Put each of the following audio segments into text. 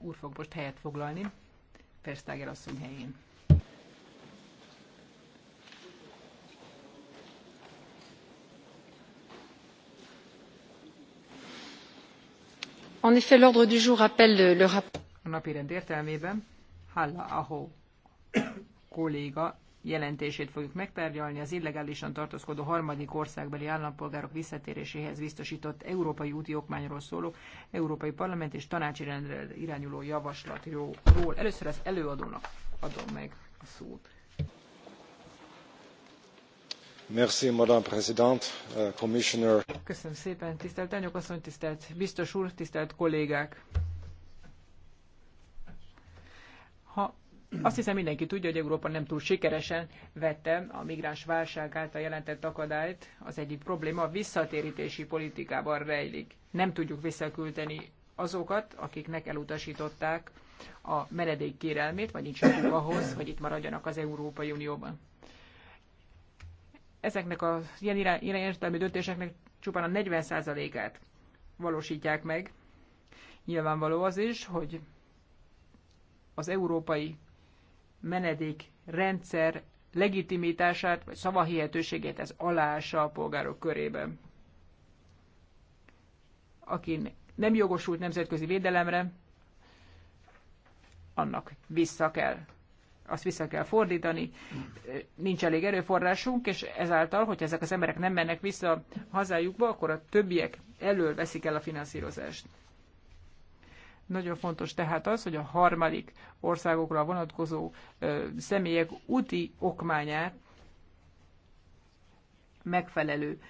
úr fog most helyet foglalni Verstager asszony helyén. En effet, l'ordre du jour appelle le rapport. A napirend értelmében Halla Aho kolléga jelentését fogjuk megtárgyalni az illegálisan tartózkodó harmadik országbeli állampolgárok visszatéréséhez biztosított európai úti okmányról szóló Európai Parlament és tanácsi rendre irányuló javaslatról. Először az előadónak adom meg a szót. Merci, Madame President, uh, Commissioner. Köszönöm szépen, tisztelt elnök asszony, tisztelt biztos úr, tisztelt kollégák! Ha azt hiszem mindenki tudja, hogy Európa nem túl sikeresen vette a migráns válság által jelentett akadályt. Az egyik probléma a visszatérítési politikában rejlik. Nem tudjuk visszaküldeni azokat, akiknek elutasították a menedék kérelmét, vagy nincs joguk ahhoz, hogy itt maradjanak az Európai Unióban. Ezeknek a ilyen irányértelmű döntéseknek csupán a 40%-át valósítják meg. Nyilvánvaló az is, hogy az európai menedék rendszer legitimitását vagy szavahihetőségét ez alása a polgárok körében. Aki nem jogosult nemzetközi védelemre, annak vissza kell azt vissza kell fordítani, nincs elég erőforrásunk, és ezáltal, hogy ezek az emberek nem mennek vissza hazájukba, akkor a többiek elől veszik el a finanszírozást. Nagyon fontos tehát az, hogy a harmadik országokra vonatkozó személyek úti okmányát megfelelő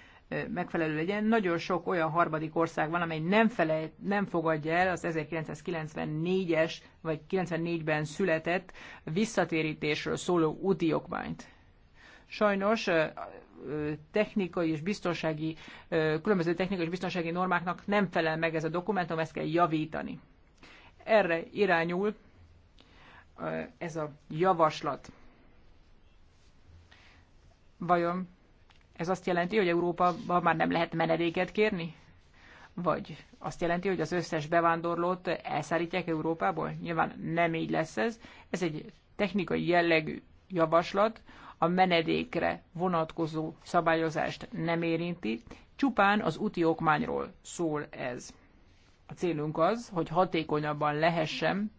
megfelelő legyen. Nagyon sok olyan harmadik ország van, amely nem, fele, nem fogadja el az 1994-es vagy 94-ben született visszatérítésről szóló úti okmányt. Sajnos technikai és biztonsági, különböző technikai és biztonsági normáknak nem felel meg ez a dokumentum, ezt kell javítani. Erre irányul ez a javaslat. Vajon ez azt jelenti, hogy Európában már nem lehet menedéket kérni? Vagy azt jelenti, hogy az összes bevándorlót elszállítják Európából? Nyilván nem így lesz ez. Ez egy technikai jellegű javaslat, a menedékre vonatkozó szabályozást nem érinti, csupán az úti okmányról szól ez a célunk az, hogy hatékonyabban lehessen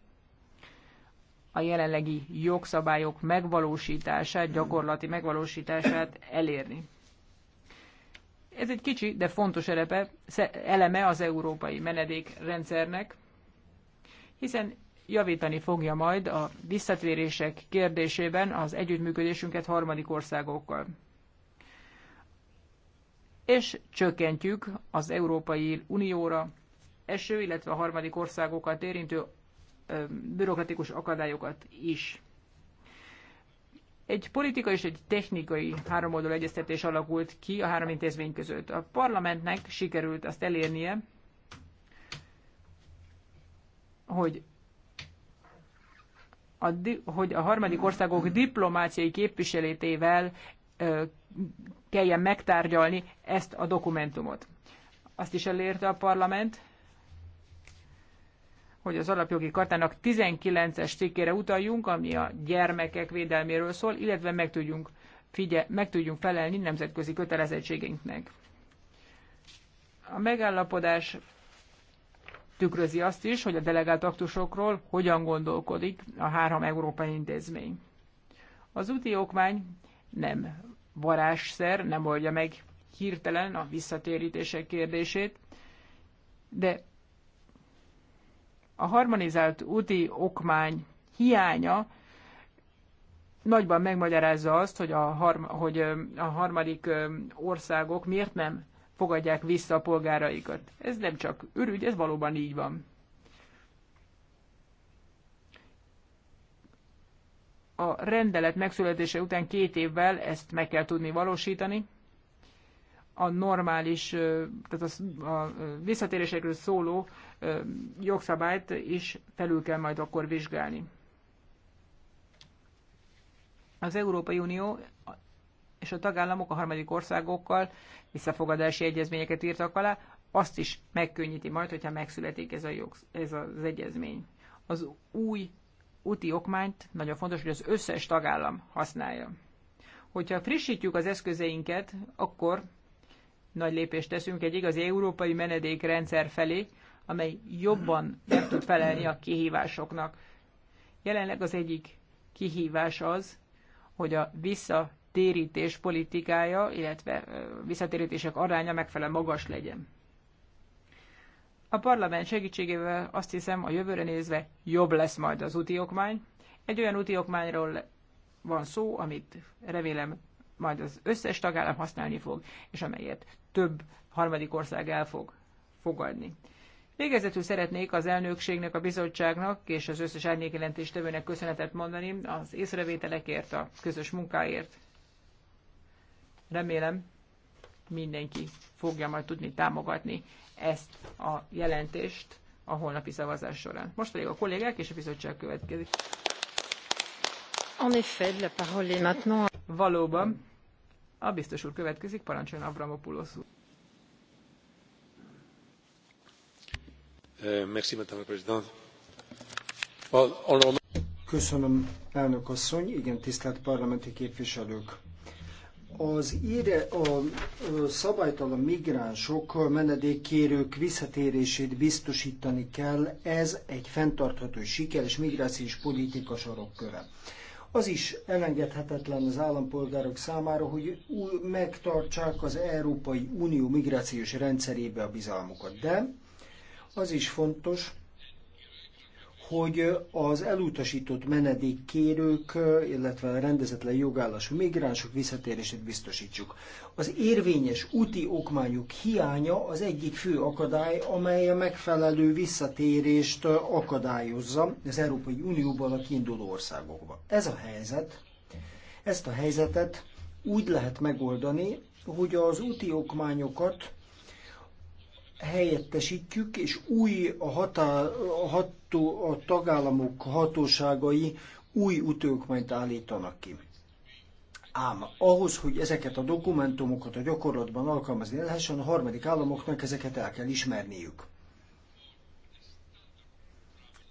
a jelenlegi jogszabályok megvalósítását, gyakorlati megvalósítását elérni. Ez egy kicsi, de fontos elepe, eleme az európai menedékrendszernek, hiszen javítani fogja majd a visszatérések kérdésében az együttműködésünket harmadik országokkal. És csökkentjük az Európai Unióra eső, illetve a harmadik országokat érintő bürokratikus akadályokat is. Egy politikai és egy technikai háromoldalú egyeztetés alakult ki a három intézmény között. A parlamentnek sikerült azt elérnie, hogy a, hogy a harmadik országok diplomáciai képviselétével ö, kelljen megtárgyalni ezt a dokumentumot. Azt is elérte a parlament, hogy az alapjogi kartának 19-es cikkére utaljunk, ami a gyermekek védelméről szól, illetve meg tudjunk, figye, meg tudjunk felelni nemzetközi kötelezettségeinknek. A megállapodás tükrözi azt is, hogy a delegált aktusokról hogyan gondolkodik a három európai intézmény. Az úti okmány nem varázsszer, nem oldja meg hirtelen a visszatérítések kérdését, de a harmonizált úti okmány hiánya nagyban megmagyarázza azt, hogy a, harm, hogy a harmadik országok miért nem fogadják vissza a polgáraikat. Ez nem csak ürügy, ez valóban így van. A rendelet megszületése után két évvel ezt meg kell tudni valósítani, a normális, tehát a, a visszatérésekről szóló jogszabályt is felül kell majd akkor vizsgálni. Az Európai Unió és a tagállamok a harmadik országokkal visszafogadási egyezményeket írtak alá, azt is megkönnyíti majd, hogyha megszületik ez, a jog, ez az egyezmény. Az új úti okmányt nagyon fontos, hogy az összes tagállam használja. Hogyha frissítjük az eszközeinket, akkor nagy lépést teszünk egy igazi európai menedékrendszer felé, amely jobban meg tud felelni a kihívásoknak. Jelenleg az egyik kihívás az, hogy a visszatérítés politikája, illetve visszatérítések aránya megfelelően magas legyen. A parlament segítségével azt hiszem a jövőre nézve jobb lesz majd az úti okmány. Egy olyan úti okmányról van szó, amit remélem majd az összes tagállam használni fog, és amelyet több harmadik ország el fog fogadni. Végezetül szeretnék az elnökségnek, a bizottságnak és az összes tevőnek köszönetet mondani az észrevételekért, a közös munkáért. Remélem mindenki fogja majd tudni támogatni ezt a jelentést a holnapi szavazás során. Most pedig a kollégák és a bizottság következik. En effet, la parole est maintenant. Valóban a biztos úr következik, parancsoljon Avramopoulos úr. Eh, merci, madame la présidente. Köszönöm, elnök asszony. Igen, tisztelt parlamenti képviselők. Az ide a szabálytalan migránsok, menedékkérők visszatérését biztosítani kell. Ez egy fenntartható siker és migrációs politika sarokköve. Az is elengedhetetlen az állampolgárok számára, hogy megtartsák az Európai Unió migrációs rendszerébe a bizalmukat. De az is fontos, hogy az elutasított menedékkérők, illetve a rendezetlen jogállású migránsok visszatérését biztosítsuk. Az érvényes úti okmányok hiánya az egyik fő akadály, amely a megfelelő visszatérést akadályozza az Európai Unióban a kiinduló országokba. Ez a helyzet, ezt a helyzetet úgy lehet megoldani, hogy az úti okmányokat helyettesítjük, és új a, hatá, a, ható, a tagállamok hatóságai új utókmányt állítanak ki. Ám ahhoz, hogy ezeket a dokumentumokat a gyakorlatban alkalmazni lehessen, a harmadik államoknak ezeket el kell ismerniük.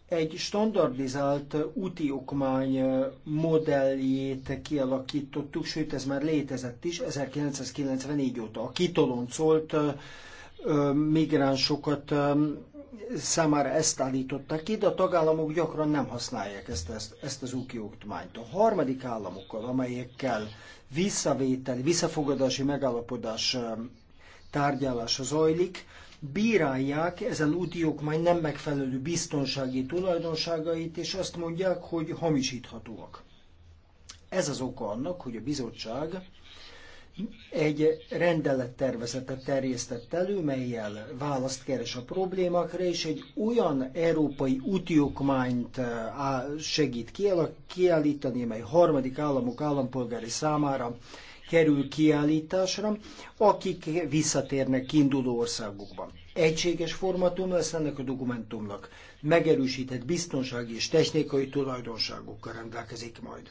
Egy standardizált úti okmány modelljét kialakítottuk, sőt ez már létezett is 1994 óta. A kitoloncolt migránsokat számára ezt állították ki, de a tagállamok gyakran nem használják ezt, ezt, ezt az útjogtmányt. A harmadik államokkal, amelyekkel visszavétel, visszafogadási megállapodás tárgyalása zajlik, bírálják ezen úti jogmány nem megfelelő biztonsági tulajdonságait, és azt mondják, hogy hamisíthatóak. Ez az oka annak, hogy a bizottság egy rendelettervezetet terjesztett elő, melyel választ keres a problémákra, és egy olyan európai útjogmányt eh, segít kiállítani, mely harmadik államok állampolgári számára kerül kiállításra, akik visszatérnek kiinduló országukban. Egységes formátum lesz ennek a dokumentumnak, megerősített biztonsági és technikai tulajdonságokkal rendelkezik majd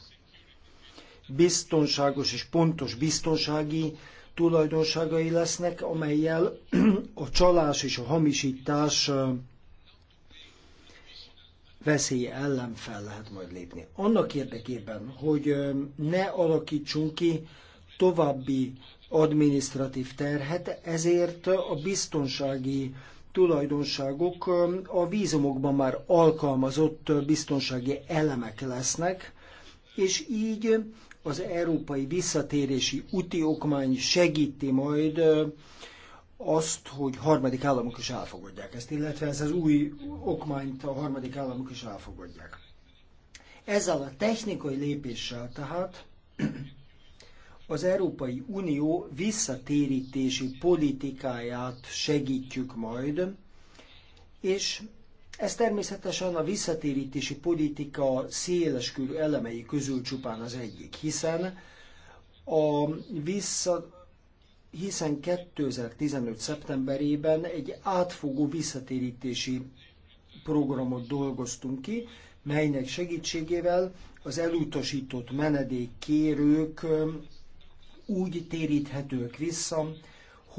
biztonságos és pontos biztonsági tulajdonságai lesznek, amelyel a csalás és a hamisítás veszélye ellen fel lehet majd lépni. Annak érdekében, hogy ne alakítsunk ki további adminisztratív terhet, ezért a biztonsági tulajdonságok a vízumokban már alkalmazott biztonsági elemek lesznek, és így az európai visszatérési úti okmány segíti majd azt, hogy harmadik államok is elfogadják ezt, illetve ez az új okmányt a harmadik államok is elfogadják. Ezzel a technikai lépéssel tehát az Európai Unió visszatérítési politikáját segítjük majd, és ez természetesen a visszatérítési politika széleskörű elemei közül csupán az egyik, hiszen a vissza, hiszen 2015. szeptemberében egy átfogó visszatérítési programot dolgoztunk ki, melynek segítségével az elutasított menedékkérők um, úgy téríthetők vissza,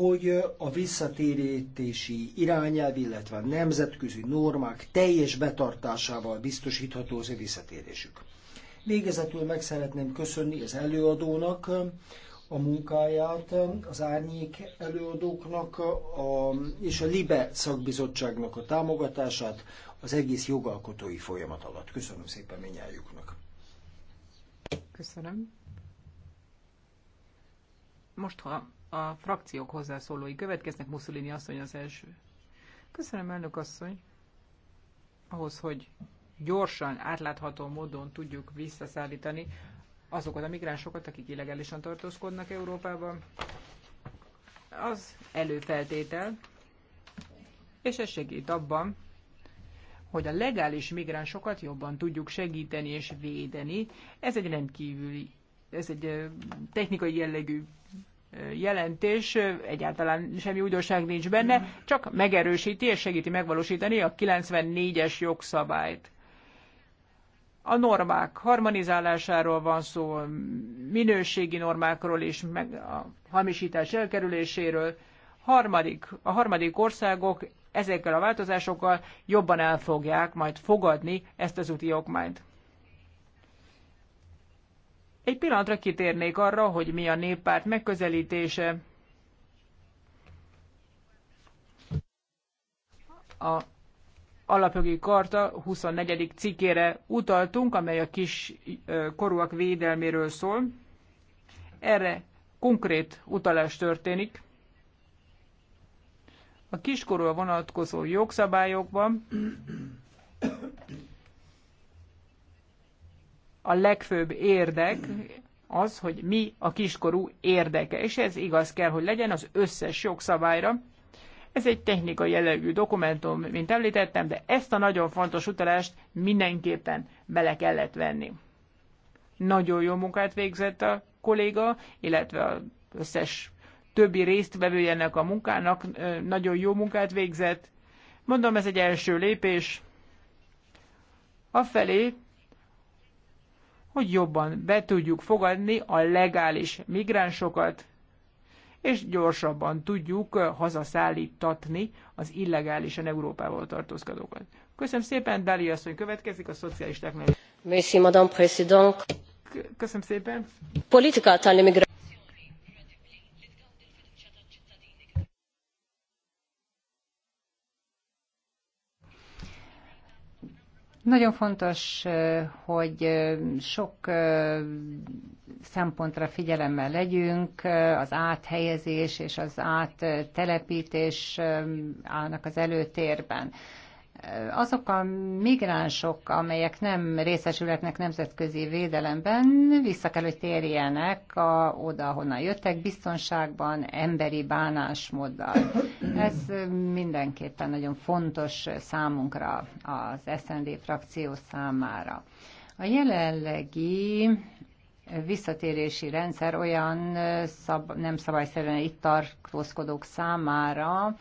hogy a visszatérítési irányelv, illetve a nemzetközi normák teljes betartásával biztosítható az ő visszatérésük. Végezetül meg szeretném köszönni az előadónak a munkáját, az árnyék előadóknak a, és a LIBE szakbizottságnak a támogatását az egész jogalkotói folyamat alatt. Köszönöm szépen minnyájuknak. Köszönöm. Most, ha a frakciók hozzászólói következnek. Mussolini asszony az első. Köszönöm, elnök asszony. Ahhoz, hogy gyorsan, átlátható módon tudjuk visszaszállítani azokat a migránsokat, akik illegálisan tartózkodnak Európában, az előfeltétel, és ez segít abban, hogy a legális migránsokat jobban tudjuk segíteni és védeni. Ez egy rendkívüli, ez egy technikai jellegű jelentés, egyáltalán semmi újdonság nincs benne, csak megerősíti és segíti megvalósítani a 94-es jogszabályt. A normák harmonizálásáról van szó, minőségi normákról és meg a hamisítás elkerüléséről. Harmadik, a harmadik országok ezekkel a változásokkal jobban el fogják majd fogadni ezt az úti okmányt. Egy pillanatra kitérnék arra, hogy mi a néppárt megközelítése a alapjogi karta 24. cikkére utaltunk, amely a kis korúak védelméről szól. Erre konkrét utalás történik. A kiskorúra vonatkozó jogszabályokban a legfőbb érdek az, hogy mi a kiskorú érdeke, és ez igaz kell, hogy legyen az összes jogszabályra. Ez egy technikai jellegű dokumentum, mint említettem, de ezt a nagyon fontos utalást mindenképpen bele kellett venni. Nagyon jó munkát végzett a kolléga, illetve az összes többi résztvevője ennek a munkának nagyon jó munkát végzett. Mondom, ez egy első lépés. Afelé, hogy jobban be tudjuk fogadni a legális migránsokat, és gyorsabban tudjuk hazaszállítatni az illegálisan Európával tartózkodókat. Köszönöm szépen, Dali asszony következik a szocialistáknak. Merci, Madame Président. Köszönöm szépen. Politika Nagyon fontos, hogy sok szempontra figyelemmel legyünk, az áthelyezés és az áttelepítés állnak az előtérben azok a migránsok, amelyek nem részesülhetnek nemzetközi védelemben, vissza kell, hogy térjenek a, oda, honnan jöttek, biztonságban, emberi bánásmóddal. Ez mindenképpen nagyon fontos számunkra, az SND frakció számára. A jelenlegi visszatérési rendszer olyan szab, nem szabályszerűen itt tartózkodók számára,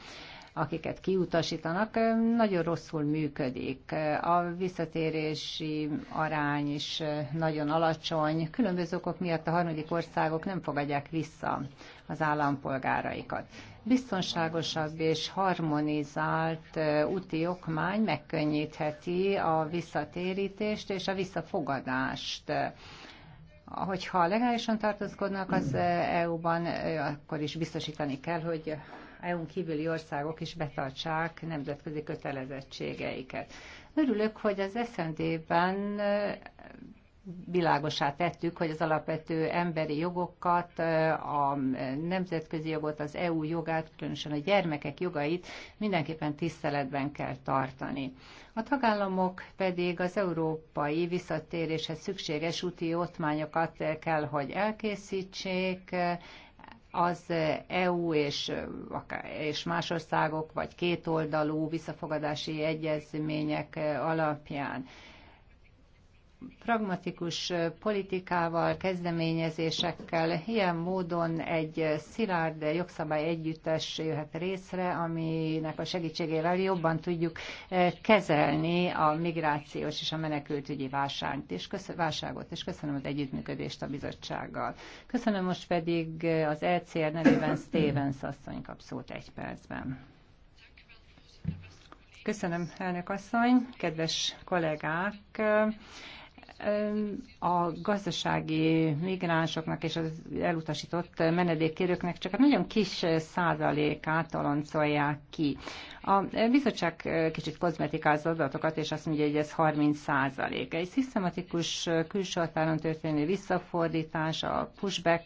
akiket kiutasítanak, nagyon rosszul működik. A visszatérési arány is nagyon alacsony. Különböző okok miatt a harmadik országok nem fogadják vissza az állampolgáraikat. Biztonságosabb és harmonizált úti okmány megkönnyítheti a visszatérítést és a visszafogadást hogyha legálisan tartózkodnak az EU-ban, akkor is biztosítani kell, hogy EU-n kívüli országok is betartsák nemzetközi kötelezettségeiket. Örülök, hogy az SZND-ben világosá tettük, hogy az alapvető emberi jogokat, a nemzetközi jogot, az EU jogát, különösen a gyermekek jogait mindenképpen tiszteletben kell tartani. A tagállamok pedig az európai visszatéréshez szükséges úti ottmányokat kell, hogy elkészítsék, az EU és, és más országok, vagy kétoldalú visszafogadási egyezmények alapján pragmatikus politikával, kezdeményezésekkel ilyen módon egy szilárd jogszabály együttes jöhet részre, aminek a segítségével jobban tudjuk kezelni a migrációs és a menekültügyi válságot, és köszönöm, válságot, és köszönöm az együttműködést a bizottsággal. Köszönöm most pedig az ECR nevében Stevens asszony kap szót egy percben. Köszönöm, elnök asszony, kedves kollégák! a gazdasági migránsoknak és az elutasított menedékkérőknek csak egy nagyon kis százalékát taloncolják ki. A bizottság kicsit kozmetikázza az adatokat, és azt mondja, hogy ez 30 százalék. Egy szisztematikus külső határon történő visszafordítás, a pushback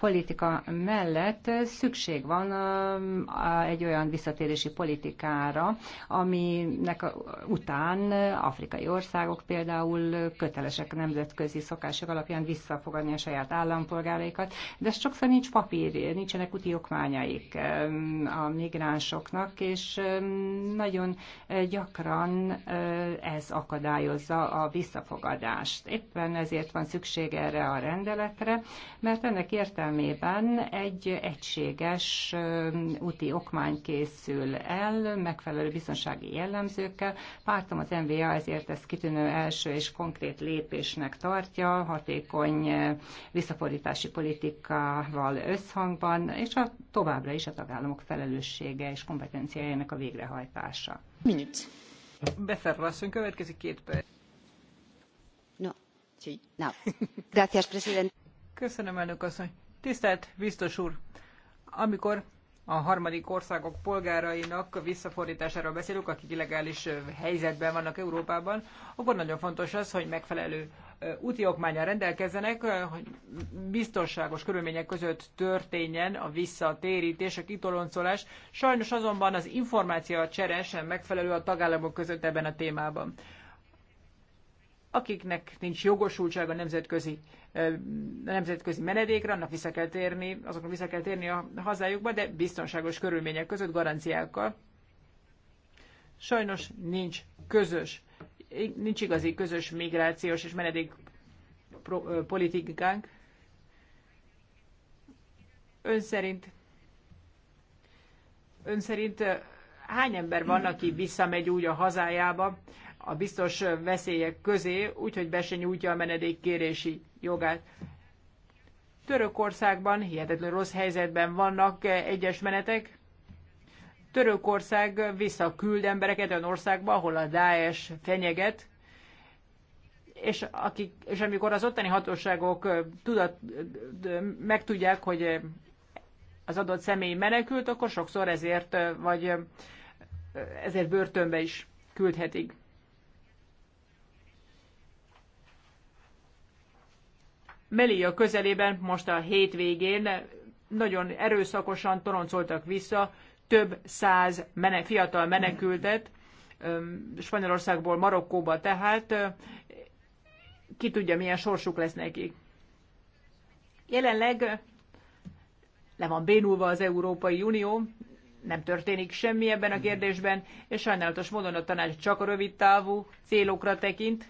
politika mellett szükség van egy olyan visszatérési politikára, aminek után afrikai országok például kötelesek nemzetközi szokások alapján visszafogadni a saját állampolgáraikat, de ez sokszor nincs papír, nincsenek úti okmányaik a migránsoknak, és nagyon gyakran ez akadályozza a visszafogadást. Éppen ezért van szükség erre a rendeletre, mert ennek értelmében egy egységes úti okmány készül el, megfelelő biztonsági jellemzőkkel. Pártom az MVA ezért ezt kitűnő első és konkrét lépésnek tartja, hatékony visszafordítási politikával összhangban, és a továbbra is a tagállamok felelőssége és kompetenciája dossziéjának a végrehajtása. Minut. Beferra következik két perc. No, sí, no. Gracias, president. Köszönöm, elnök asszony. Tisztelt biztos úr, amikor a harmadik országok polgárainak visszafordítására visszafordításáról beszélünk, akik illegális helyzetben vannak Európában, akkor nagyon fontos az, hogy megfelelő úti okmányán rendelkezzenek, hogy biztonságos körülmények között történjen a visszatérítés, a kitoloncolás. Sajnos azonban az információ csere sem megfelelő a tagállamok között ebben a témában. Akiknek nincs jogosultsága nemzetközi, nemzetközi menedékre, annak vissza kell térni, azoknak vissza kell térni a hazájukba, de biztonságos körülmények között garanciákkal. Sajnos nincs közös nincs igazi közös migrációs és menedék politikánk. Ön szerint, ön szerint hány ember van, aki visszamegy úgy a hazájába a biztos veszélyek közé, úgyhogy be se nyújtja a menedékkérési jogát? Törökországban hihetetlen rossz helyzetben vannak egyes menetek, Törökország visszaküld embereket olyan országba, ahol a Daesh fenyeget, és, akik, és amikor az ottani hatóságok tudat, megtudják, hogy az adott személy menekült, akkor sokszor ezért, vagy ezért börtönbe is küldhetik. Melia közelében most a hétvégén nagyon erőszakosan toroncoltak vissza több száz menek, fiatal menekültet Spanyolországból Marokkóba, tehát ki tudja, milyen sorsuk lesz nekik. Jelenleg le van bénulva az Európai Unió, nem történik semmi ebben a kérdésben, és sajnálatos módon a tanács csak a rövid távú célokra tekint.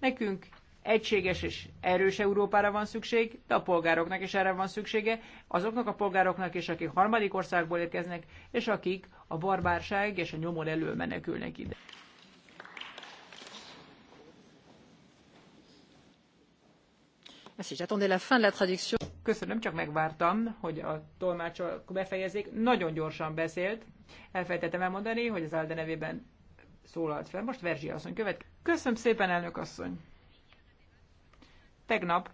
Nekünk Egységes és erős Európára van szükség, de a polgároknak is erre van szüksége, azoknak a polgároknak is, akik harmadik országból érkeznek, és akik a barbárság és a nyomor elől menekülnek ide. Köszönöm, csak megvártam, hogy a tolmácsok befejezzék. Nagyon gyorsan beszélt. Elfejtettem elmondani, hogy az Alde nevében szólalt fel. Most Verzsi asszony követ. Köszönöm szépen, elnök asszony! Tegnap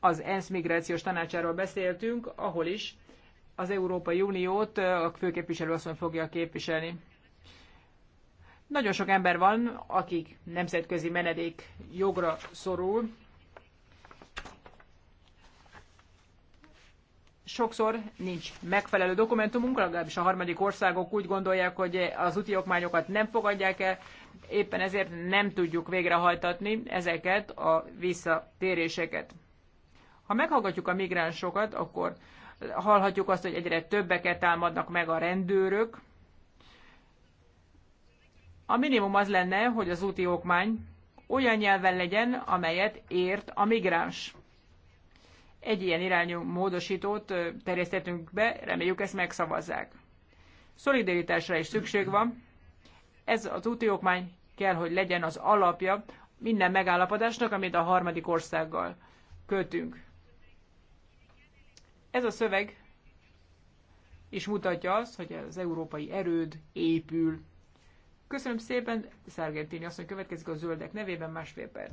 az ENSZ migrációs tanácsáról beszéltünk, ahol is az Európai Uniót a főképviselő asszony fogja képviselni. Nagyon sok ember van, akik nemzetközi menedék jogra szorul, sokszor nincs megfelelő dokumentumunk, legalábbis a harmadik országok úgy gondolják, hogy az úti okmányokat nem fogadják el, éppen ezért nem tudjuk végrehajtatni ezeket a visszatéréseket. Ha meghallgatjuk a migránsokat, akkor hallhatjuk azt, hogy egyre többeket támadnak meg a rendőrök. A minimum az lenne, hogy az úti okmány olyan nyelven legyen, amelyet ért a migráns. Egy ilyen irányú módosítót terjesztettünk be, reméljük ezt megszavazzák. Szolidaritásra is szükség van. Ez az úti okmány kell, hogy legyen az alapja minden megállapodásnak, amit a harmadik országgal kötünk. Ez a szöveg is mutatja azt, hogy az európai erőd épül. Köszönöm szépen, Szárgentini hogy következik a zöldek nevében másfél perc.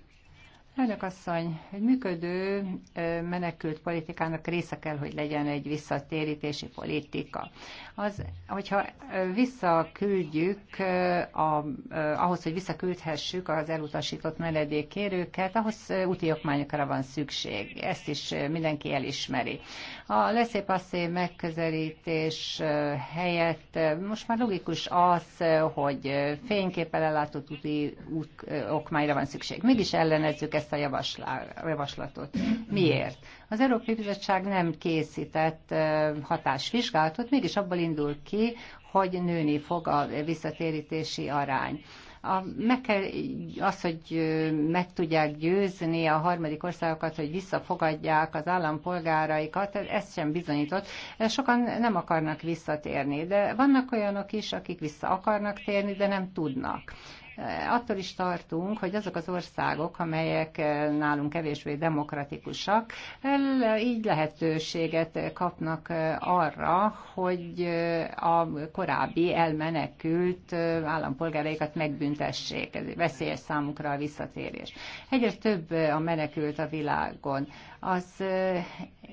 Elnök asszony, egy működő menekült politikának része kell, hogy legyen egy visszatérítési politika. Az, hogyha visszaküldjük, a, ahhoz, hogy visszaküldhessük az elutasított menedékkérőket, ahhoz úti okmányokra van szükség. Ezt is mindenki elismeri. A leszépasszé megközelítés helyett most már logikus az, hogy fényképpel ellátott úti okmányra van szükség. Mégis ellenezzük ezt ezt a javaslatot. Miért? Az Európai Bizottság nem készített hatásvizsgálatot, mégis abból indul ki, hogy nőni fog a visszatérítési arány a, meg kell az, hogy meg tudják győzni a harmadik országokat, hogy visszafogadják az állampolgáraikat, ez sem bizonyított. Sokan nem akarnak visszatérni, de vannak olyanok is, akik vissza akarnak térni, de nem tudnak attól is tartunk, hogy azok az országok, amelyek nálunk kevésbé demokratikusak, így lehetőséget kapnak arra, hogy a korábbi elmenekült állampolgáraikat megbüntessék. Ez veszélyes számukra a visszatérés. Egyre több a menekült a világon. Az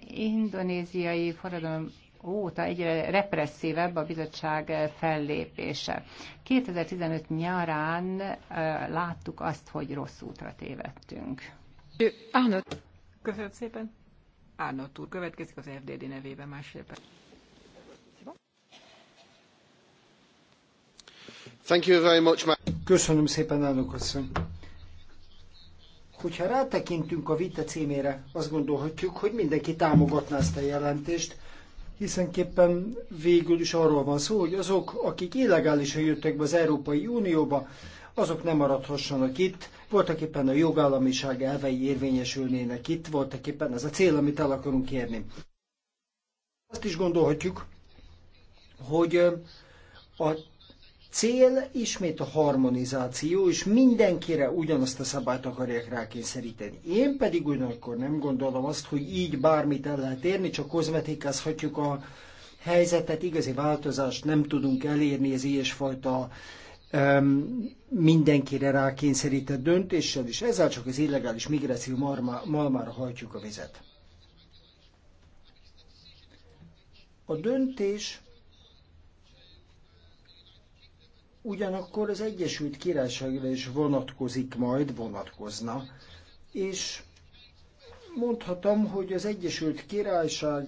indonéziai forradalom óta egyre represszívebb a bizottság fellépése. 2015 nyarán láttuk azt, hogy rossz útra tévedtünk. Köszönöm szépen. Árnott úr következik az FDD nevében másképpen. Thank you very much, Köszönöm szépen, elnök asszony. Hogyha rátekintünk a vita címére, azt gondolhatjuk, hogy mindenki támogatná ezt a jelentést, hiszenképpen végül is arról van szó, hogy azok, akik illegálisan jöttek be az Európai Unióba, azok nem maradhassanak itt, voltak éppen a jogállamiság elvei érvényesülnének itt, voltak éppen ez a cél, amit el akarunk érni. Azt is gondolhatjuk, hogy a cél ismét a harmonizáció, és mindenkire ugyanazt a szabályt akarják rákényszeríteni. Én pedig ugyanakkor nem gondolom azt, hogy így bármit el lehet érni, csak kozmetikázhatjuk a helyzetet, igazi változást nem tudunk elérni az ilyesfajta um, mindenkire rákényszerített döntéssel, és ezzel csak az illegális migráció marmá, malmára hajtjuk a vizet. A döntés ugyanakkor az Egyesült Királyságra is vonatkozik majd, vonatkozna, és mondhatom, hogy az Egyesült Királyság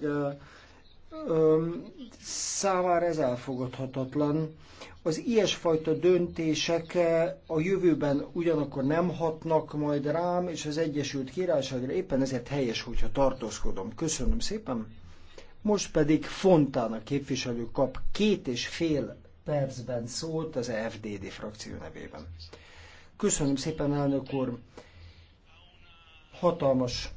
számára ez elfogadhatatlan. Az ilyesfajta döntések a jövőben ugyanakkor nem hatnak majd rám, és az Egyesült Királyságra éppen ezért helyes, hogyha tartózkodom. Köszönöm szépen! Most pedig Fontán a képviselő kap két és fél percben szólt az FDD frakció nevében. Köszönöm szépen, elnök úr! Hatalmas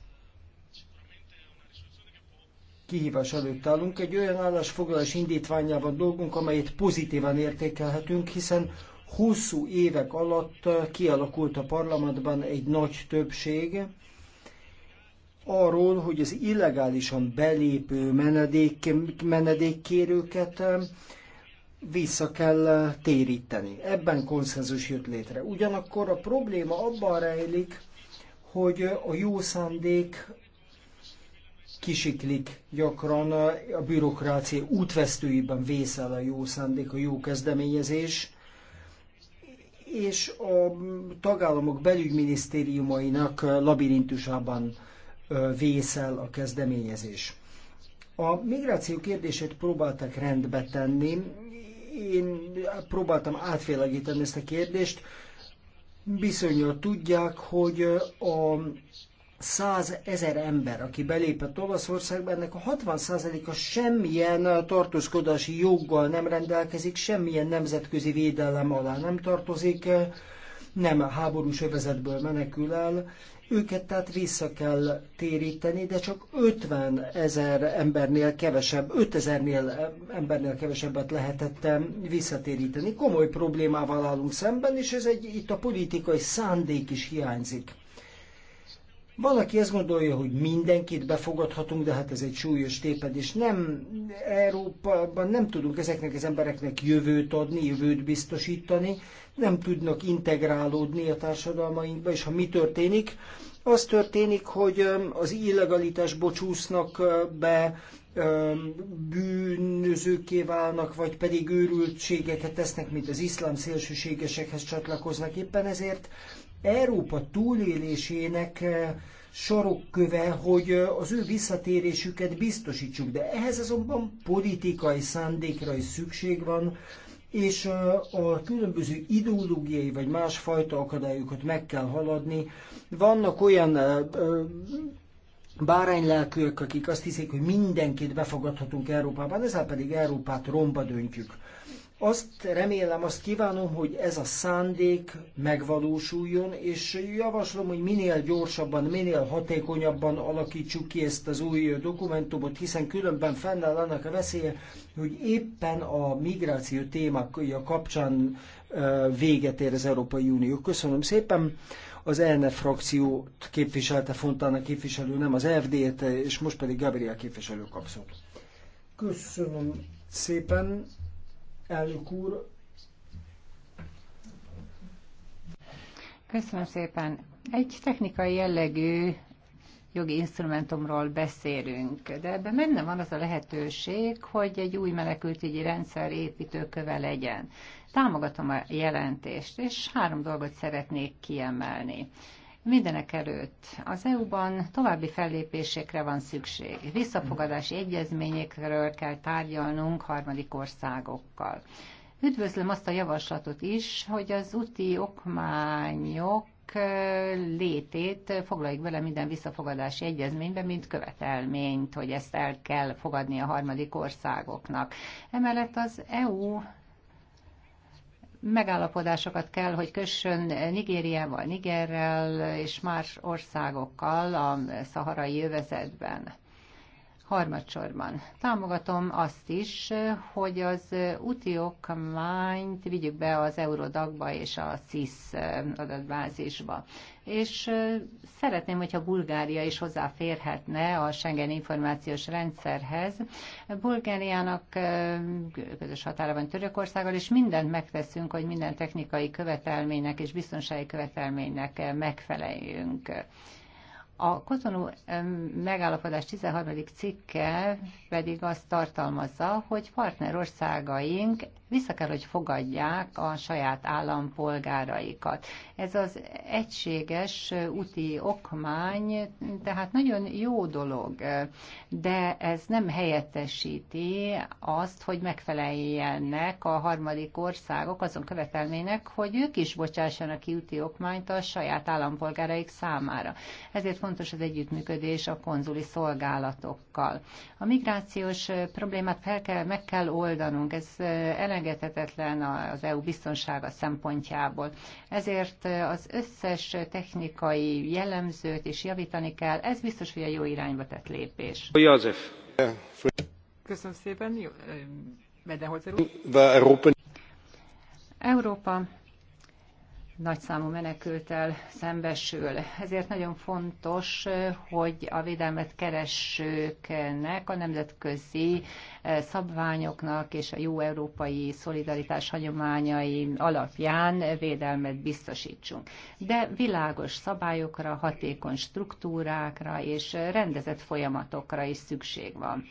kihívás előtt állunk. Egy olyan állásfoglalás indítványában dolgunk, amelyet pozitívan értékelhetünk, hiszen hosszú évek alatt kialakult a parlamentben egy nagy többség arról, hogy az illegálisan belépő menedék, menedékkérőket vissza kell eh, téríteni. Ebben konszenzus jött létre. Ugyanakkor a probléma abban rejlik, hogy eh, a jó szándék kisiklik gyakran, eh, a bürokrácia útvesztőiben vészel a jó szándék, a jó kezdeményezés, és a tagállamok belügyminisztériumainak labirintusában vészel a kezdeményezés. A migráció kérdését próbálták rendbe tenni, én próbáltam átfélegíteni ezt a kérdést. Bizonyal tudják, hogy a 100 ezer ember, aki belépett Olaszországba, ennek a 60%-a semmilyen tartózkodási joggal nem rendelkezik, semmilyen nemzetközi védelem alá nem tartozik, nem a háborús övezetből menekül el, őket tehát vissza kell téríteni, de csak 50 ezer embernél kevesebb, 5 ezernél embernél kevesebbet lehetett visszatéríteni. Komoly problémával állunk szemben, és ez egy, itt a politikai szándék is hiányzik. Valaki ezt gondolja, hogy mindenkit befogadhatunk, de hát ez egy súlyos tépedés. Nem, Európában nem tudunk ezeknek az embereknek jövőt adni, jövőt biztosítani, nem tudnak integrálódni a társadalmainkba, és ha mi történik, az történik, hogy az illegalitás bocsúsznak be, bűnözőké válnak, vagy pedig őrültségeket tesznek, mint az iszlám szélsőségesekhez csatlakoznak. Éppen ezért Európa túlélésének sarokköve, hogy az ő visszatérésüket biztosítsuk. De ehhez azonban politikai szándékra is szükség van, és a különböző ideológiai vagy másfajta akadályokat meg kell haladni. Vannak olyan báránylelkűek, akik azt hiszik, hogy mindenkit befogadhatunk Európában, ezzel pedig Európát romba döntjük. Azt remélem, azt kívánom, hogy ez a szándék megvalósuljon, és javaslom, hogy minél gyorsabban, minél hatékonyabban alakítsuk ki ezt az új dokumentumot, hiszen különben fennáll annak a veszélye, hogy éppen a migráció témája kapcsán véget ér az Európai Unió. Köszönöm szépen! Az ELNE frakciót képviselte Fontana képviselő, nem az FD-t, és most pedig Gabriel képviselő kapszott. Köszönöm szépen! Elnök úr, Köszönöm szépen. Egy technikai jellegű jogi instrumentumról beszélünk, de ebben benne van az a lehetőség, hogy egy új menekültügyi rendszer építőköve legyen. Támogatom a jelentést, és három dolgot szeretnék kiemelni. Mindenek előtt az EU-ban további fellépésekre van szükség. Visszafogadási egyezményekről kell tárgyalnunk harmadik országokkal. Üdvözlöm azt a javaslatot is, hogy az úti okmányok létét foglaljuk bele minden visszafogadási egyezménybe, mint követelményt, hogy ezt el kell fogadni a harmadik országoknak. Emellett az EU megállapodásokat kell, hogy kössön Nigériával, Nigerrel és más országokkal a szaharai övezetben. Harmadsorban támogatom azt is, hogy az úti okmányt vigyük be az Eurodagba és a CISZ adatbázisba. És szeretném, hogyha Bulgária is hozzáférhetne a Schengen információs rendszerhez. Bulgáriának közös határa van Törökországgal, és mindent megteszünk, hogy minden technikai követelménynek és biztonsági követelménynek megfeleljünk. A kotonú megállapodás 13. cikke pedig azt tartalmazza, hogy partnerországaink vissza kell, hogy fogadják a saját állampolgáraikat. Ez az egységes úti okmány, tehát nagyon jó dolog, de ez nem helyettesíti azt, hogy megfeleljenek a harmadik országok azon követelmének, hogy ők is bocsássanak ki úti okmányt a saját állampolgáraik számára. Ezért fontos az együttműködés a konzuli szolgálatokkal. A migrációs problémát fel kell, meg kell oldanunk, ez ellen megengedhetetlen az EU biztonsága szempontjából. Ezért az összes technikai jellemzőt is javítani kell. Ez biztos, hogy a jó irányba tett lépés. József. Köszönöm szépen. Jó, Európa nagyszámú menekültel szembesül. Ezért nagyon fontos, hogy a védelmet keresőknek, a nemzetközi e, szabványoknak és a jó európai szolidaritás hagyományai alapján védelmet biztosítsunk. De világos szabályokra, hatékony struktúrákra és rendezett folyamatokra is szükség van.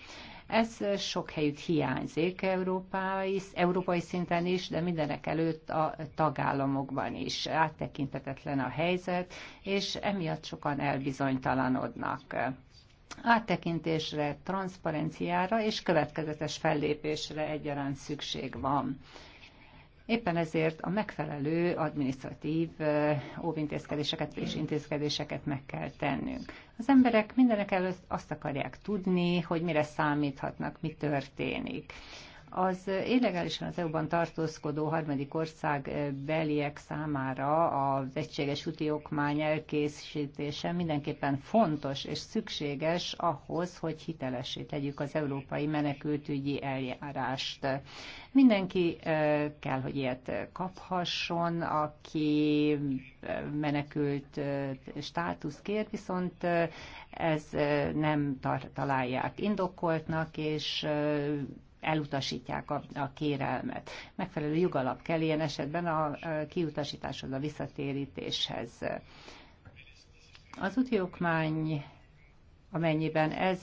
Ez sok helyütt hiányzik európai, európai szinten is, de mindenek előtt a tagállamokban is. Áttekintetetlen a helyzet, és emiatt sokan elbizonytalanodnak áttekintésre, transzparenciára és következetes fellépésre egyaránt szükség van. Éppen ezért a megfelelő administratív óvintézkedéseket és intézkedéseket meg kell tennünk. Az emberek mindenek előtt azt akarják tudni, hogy mire számíthatnak, mi történik. Az illegálisan az EU-ban tartózkodó harmadik ország beliek számára az egységes úti okmány elkészítése mindenképpen fontos és szükséges ahhoz, hogy hitelessé tegyük az európai menekültügyi eljárást. Mindenki kell, hogy ilyet kaphasson, aki menekült státusz kér, viszont ez nem találják indokoltnak, és elutasítják a, a kérelmet. Megfelelő jogalap kell ilyen esetben a kiutasításhoz, a visszatérítéshez. Az úti okmány amennyiben ez,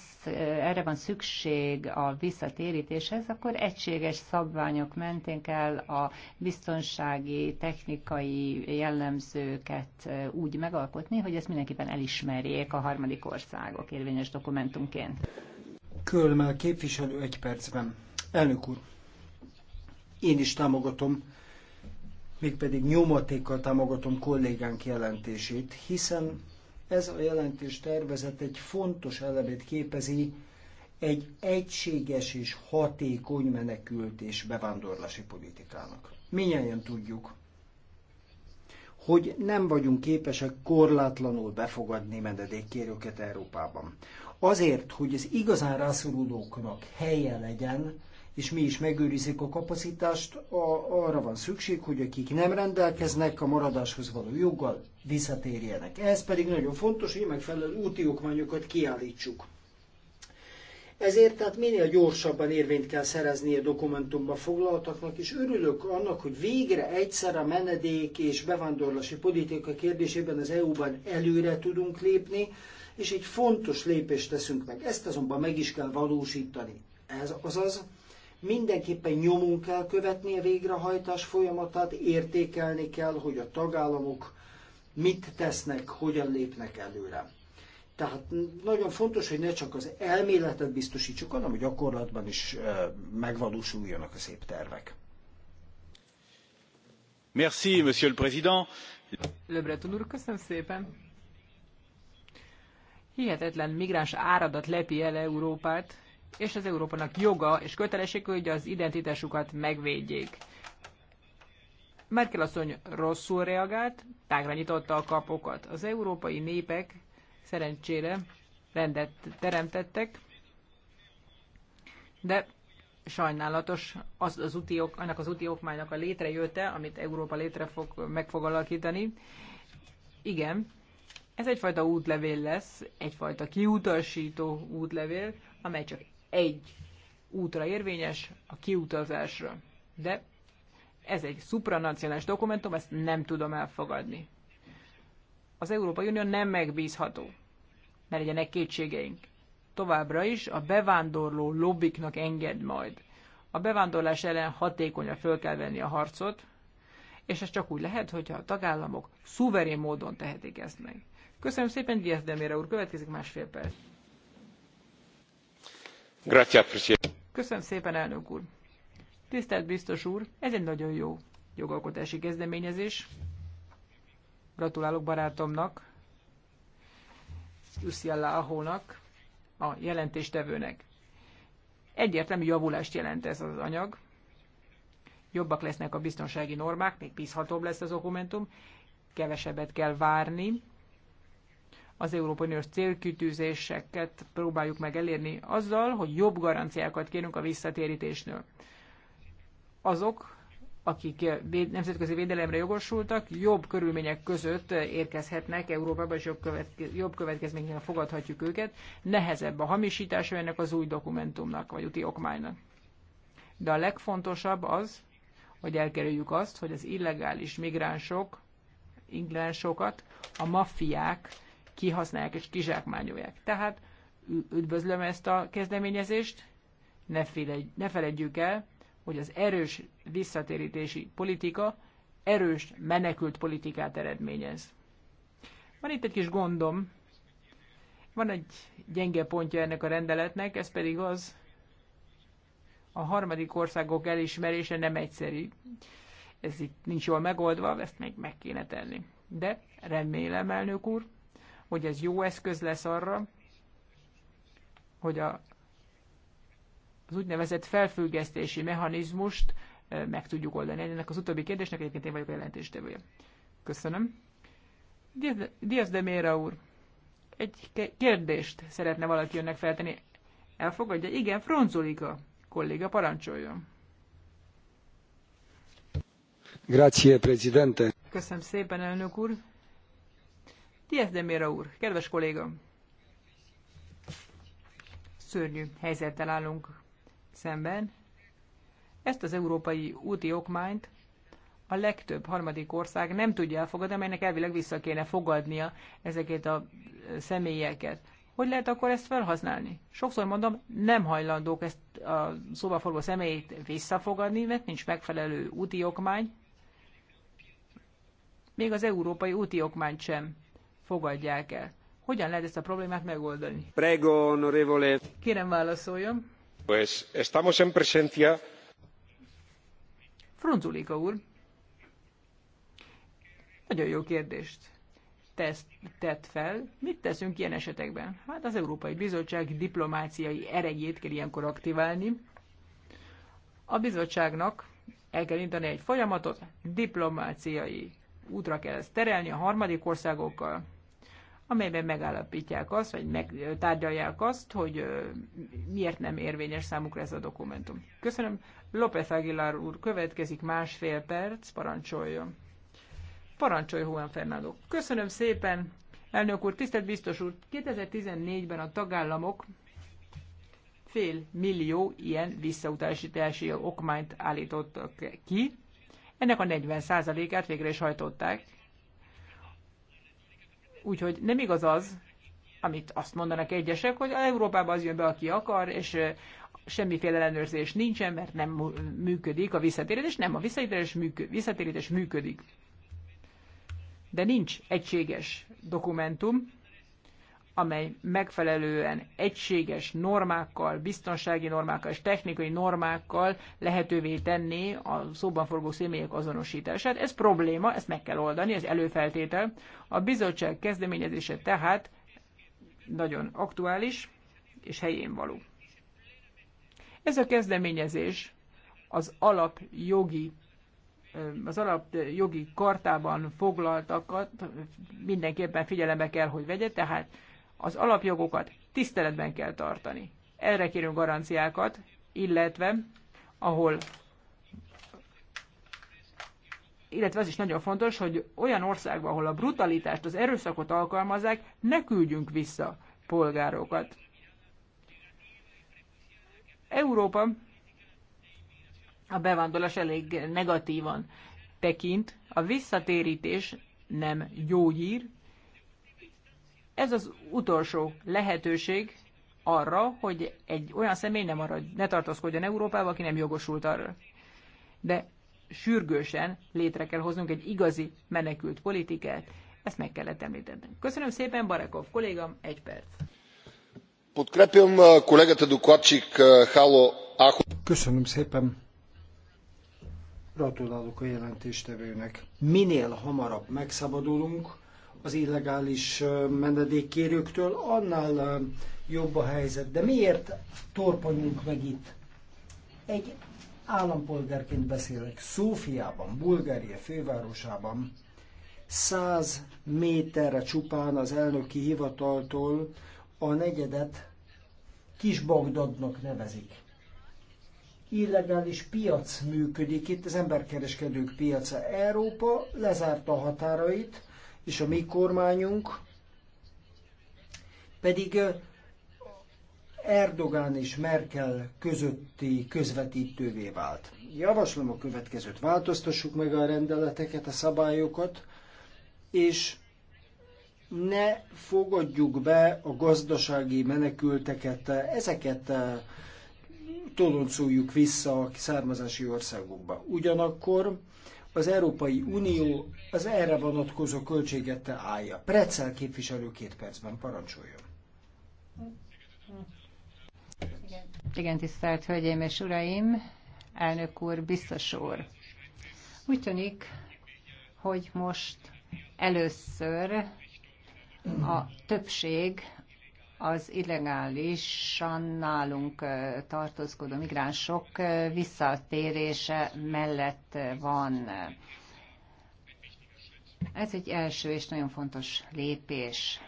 erre van szükség a visszatérítéshez, akkor egységes szabványok mentén kell a biztonsági, technikai jellemzőket úgy megalkotni, hogy ezt mindenképpen elismerjék a harmadik országok érvényes dokumentumként. a képviselő egy percben. Elnök úr, én is támogatom, mégpedig nyomatékkal támogatom kollégánk jelentését, hiszen ez a jelentés tervezet egy fontos elemét képezi egy egységes és hatékony menekült és bevándorlási politikának. Minnyáján tudjuk, hogy nem vagyunk képesek korlátlanul befogadni menedékkérőket Európában. Azért, hogy az igazán rászorulóknak helye legyen, és mi is megőrizzük a kapacitást, a, arra van szükség, hogy akik nem rendelkeznek a maradáshoz való joggal, visszatérjenek. Ez pedig nagyon fontos, hogy megfelelő úti okmányokat kiállítsuk. Ezért tehát minél gyorsabban érvényt kell szerezni a dokumentumban foglaltaknak, és örülök annak, hogy végre egyszer a menedék és bevándorlási politika kérdésében az EU-ban előre tudunk lépni, és egy fontos lépést teszünk meg. Ezt azonban meg is kell valósítani. Ez azaz, Mindenképpen nyomon kell követni a végrehajtás folyamatát, értékelni kell, hogy a tagállamok mit tesznek, hogyan lépnek előre. Tehát nagyon fontos, hogy ne csak az elméletet biztosítsuk, hanem a gyakorlatban is megvalósuljanak a szép tervek. Merci, Monsieur le Président. Le Breton úr, köszönöm szépen. Hihetetlen migráns áradat lepi el Európát, és az Európának joga és kötelesség, hogy az identitásukat megvédjék. Merkel asszony rosszul reagált, tágra nyitotta a kapokat. Az európai népek szerencsére rendet teremtettek, de sajnálatos az, az utiok, annak az úti okmánynak a létrejöte, amit Európa létre fog, meg fog alakítani. Igen, ez egyfajta útlevél lesz, egyfajta kiutasító útlevél, amely csak egy útra érvényes, a kiutazásra. De ez egy supranacionális dokumentum, ezt nem tudom elfogadni. Az Európai Unió nem megbízható. Ne legyenek kétségeink. Továbbra is a bevándorló lobbiknak enged majd. A bevándorlás ellen hatékonyan föl kell venni a harcot, és ez csak úgy lehet, hogyha a tagállamok szuverén módon tehetik ezt meg. Köszönöm szépen, Díaz Demére úr, következik másfél perc. Köszönöm szépen, elnök úr. Tisztelt biztos úr, ez egy nagyon jó jogalkotási kezdeményezés. Gratulálok barátomnak, Luciella Ahónak, a jelentéstevőnek. Egyértelmű javulást jelent ez az anyag. Jobbak lesznek a biztonsági normák, még bízhatóbb lesz az dokumentum, kevesebbet kell várni az Európai Uniós célkütőzéseket próbáljuk meg elérni azzal, hogy jobb garanciákat kérünk a visszatérítésnől. Azok, akik nemzetközi védelemre jogosultak, jobb körülmények között érkezhetnek Európába, és jobb, következményekkel fogadhatjuk őket. Nehezebb a hamisítása ennek az új dokumentumnak, vagy úti okmánynak. De a legfontosabb az, hogy elkerüljük azt, hogy az illegális migránsok, inglánsokat a maffiák kihasználják és kizsákmányolják. Tehát üdvözlöm ezt a kezdeményezést, ne, félegy, ne feledjük el, hogy az erős visszatérítési politika erős menekült politikát eredményez. Van itt egy kis gondom, van egy gyenge pontja ennek a rendeletnek, ez pedig az, a harmadik országok elismerése nem egyszerű. Ez itt nincs jól megoldva, ezt még meg kéne tenni. De remélem, elnök úr, hogy ez jó eszköz lesz arra, hogy a, az úgynevezett felfüggesztési mechanizmust meg tudjuk oldani. Ennek az utóbbi kérdésnek egyébként én vagyok a jelentéstevője. Köszönöm. Diaz de Mera úr, egy kérdést szeretne valaki önnek feltenni. Elfogadja? Igen, Fronzolika kolléga, parancsoljon. Grazie, Presidente. Köszönöm szépen, elnök úr. Diaz de úr, kedves kolléga, szörnyű helyzettel állunk szemben. Ezt az európai úti okmányt a legtöbb harmadik ország nem tudja elfogadni, amelynek elvileg vissza kéne fogadnia ezeket a személyeket. Hogy lehet akkor ezt felhasználni? Sokszor mondom, nem hajlandók ezt a szobaforgó személyét visszafogadni, mert nincs megfelelő úti okmány, még az európai úti okmányt sem fogadják el. Hogyan lehet ezt a problémát megoldani? Prego, onorevole. Kérem válaszoljon. Pues estamos en presencia. Frunzulika úr. Nagyon jó kérdést tesz, tett fel. Mit teszünk ilyen esetekben? Hát az Európai Bizottság diplomáciai erejét kell ilyenkor aktiválni. A bizottságnak el kell indítani egy folyamatot, diplomáciai útra kell ezt terelni a harmadik országokkal amelyben megállapítják azt, vagy megtárgyalják azt, hogy miért nem érvényes számukra ez a dokumentum. Köszönöm. López Aguilar úr, következik másfél perc, parancsoljon. Parancsolj, Juan Fernando. Köszönöm szépen, elnök úr, tisztelt biztos úr. 2014-ben a tagállamok fél millió ilyen visszautasítási okmányt állítottak ki. Ennek a 40%-át végre is hajtották, Úgyhogy nem igaz az, amit azt mondanak egyesek, hogy Európában az jön be, aki akar, és semmiféle ellenőrzés nincsen, mert nem működik a visszatérítés. Nem, a visszatérítés, működ, visszatérítés működik. De nincs egységes dokumentum, amely megfelelően egységes normákkal, biztonsági normákkal és technikai normákkal lehetővé tenni a szóban forgó személyek azonosítását. Ez probléma, ezt meg kell oldani, ez előfeltétel. A bizottság kezdeményezése tehát nagyon aktuális és helyén való. Ez a kezdeményezés az alapjogi az alap jogi kartában foglaltakat mindenképpen figyelembe kell, hogy vegye, tehát az alapjogokat tiszteletben kell tartani. Erre kérünk garanciákat, illetve ahol illetve az is nagyon fontos, hogy olyan országban, ahol a brutalitást, az erőszakot alkalmazzák, ne küldjünk vissza polgárokat. Európa a bevándorlás elég negatívan tekint. A visszatérítés nem gyógyír, ez az utolsó lehetőség arra, hogy egy olyan személy nem marad, ne tartozkodjon Európába, aki nem jogosult arra. De sürgősen létre kell hoznunk egy igazi menekült politikát, ezt meg kellett említeni. Köszönöm szépen, Barakov kollégám, egy perc. Подкрепям колегата докладчик halo Ахо. Köszönöm szépen. Gratulálok a jelentéstevőnek. Minél hamarabb megszabadulunk az illegális menedékkérőktől, annál jobb a helyzet. De miért torpanyunk meg itt? Egy állampolgárként beszélek. Szófiában, Bulgária fővárosában, 100 méterre csupán az elnöki hivataltól a negyedet Bagdadnak nevezik. Illegális piac működik itt, az emberkereskedők piaca. Európa lezárta a határait, és a mi kormányunk pedig Erdogán és Merkel közötti közvetítővé vált. Javaslom a következőt, változtassuk meg a rendeleteket, a szabályokat, és ne fogadjuk be a gazdasági menekülteket, ezeket toloncoljuk vissza a származási országokba. Ugyanakkor az Európai Unió az erre vonatkozó költséget állja. Precel képviselő két percben parancsoljon. Igen. Igen, tisztelt Hölgyeim és Uraim, elnök úr, biztos úr. Úgy tűnik, hogy most először a többség az illegálisan nálunk tartózkodó migránsok visszatérése mellett van. Ez egy első és nagyon fontos lépés.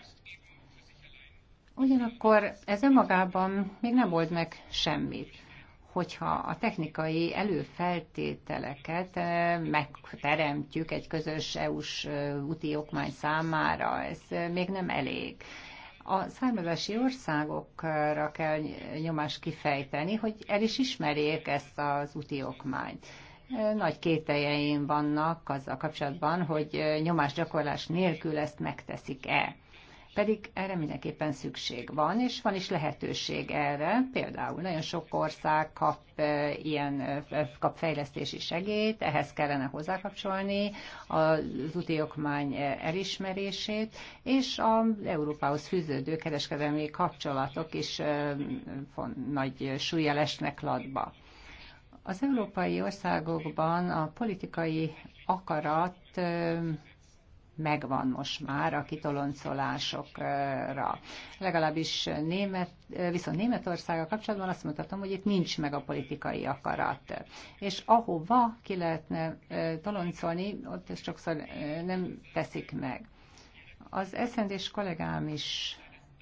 Ugyanakkor ez önmagában még nem old meg semmit hogyha a technikai előfeltételeket megteremtjük egy közös EU-s úti okmány számára, ez még nem elég a származási országokra kell nyomást kifejteni, hogy el is ismerjék ezt az úti okmányt. Nagy kételjeim vannak azzal kapcsolatban, hogy nyomásgyakorlás nélkül ezt megteszik-e pedig erre mindenképpen szükség van, és van is lehetőség erre. Például nagyon sok ország kap ilyen kap fejlesztési segélyt, ehhez kellene hozzákapcsolni az úti okmány elismerését, és az Európához fűződő kereskedelmi kapcsolatok is nagy súlyjal esnek latba. Az európai országokban a politikai akarat megvan most már a kitoloncolásokra. Legalábbis német, viszont Németországgal kapcsolatban azt mutatom, hogy itt nincs meg a politikai akarat. És ahova ki lehetne toloncolni, ott ezt sokszor nem teszik meg. Az eszendés kollégám is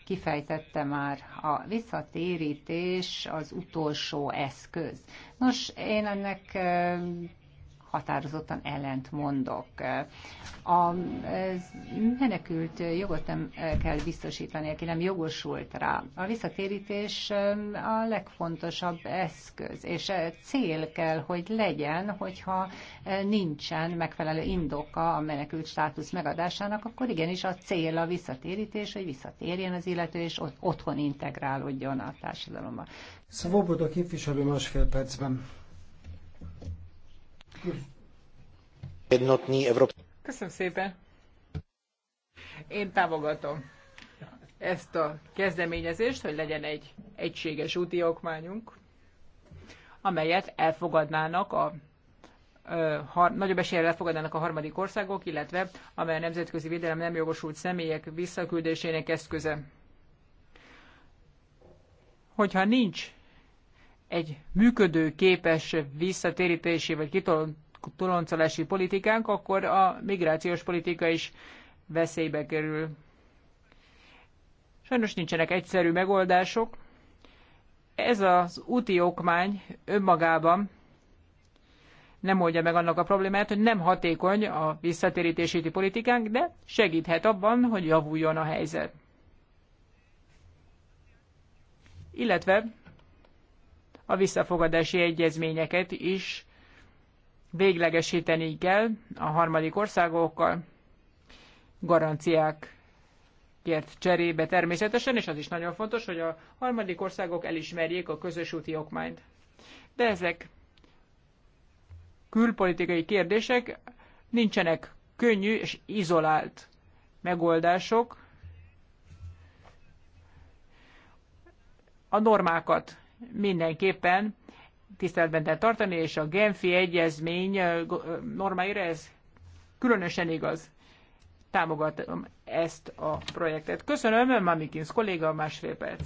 kifejtette már, a visszatérítés az utolsó eszköz. Nos, én ennek határozottan ellent mondok. A menekült jogot nem kell biztosítani, aki nem jogosult rá. A visszatérítés a legfontosabb eszköz, és e, cél kell, hogy legyen, hogyha e, nincsen megfelelő indoka a menekült státusz megadásának, akkor igenis a cél a visszatérítés, hogy visszatérjen az illető, és otthon integrálódjon a társadalomba. Svoboda képviselő másfél percben. Köszönöm szépen. Én támogatom ezt a kezdeményezést, hogy legyen egy egységes úti okmányunk, amelyet elfogadnának a nagyobb eséllyel elfogadnának a harmadik országok, illetve amely a nemzetközi védelem nem jogosult személyek visszaküldésének eszköze. Hogyha nincs egy működő képes visszatérítési vagy kitoloncolási politikánk, akkor a migrációs politika is veszélybe kerül. Sajnos nincsenek egyszerű megoldások. Ez az úti okmány önmagában nem oldja meg annak a problémát, hogy nem hatékony a visszatérítési politikánk, de segíthet abban, hogy javuljon a helyzet. Illetve a visszafogadási egyezményeket is véglegesíteni kell a harmadik országokkal, garanciák kért cserébe természetesen, és az is nagyon fontos, hogy a harmadik országok elismerjék a közös úti okmányt. De ezek külpolitikai kérdések, nincsenek könnyű és izolált megoldások. A normákat mindenképpen tiszteletben kell tartani, és a Genfi Egyezmény normáira ez különösen igaz. Támogatom ezt a projektet. Köszönöm, Mamikins kolléga, másfél perc.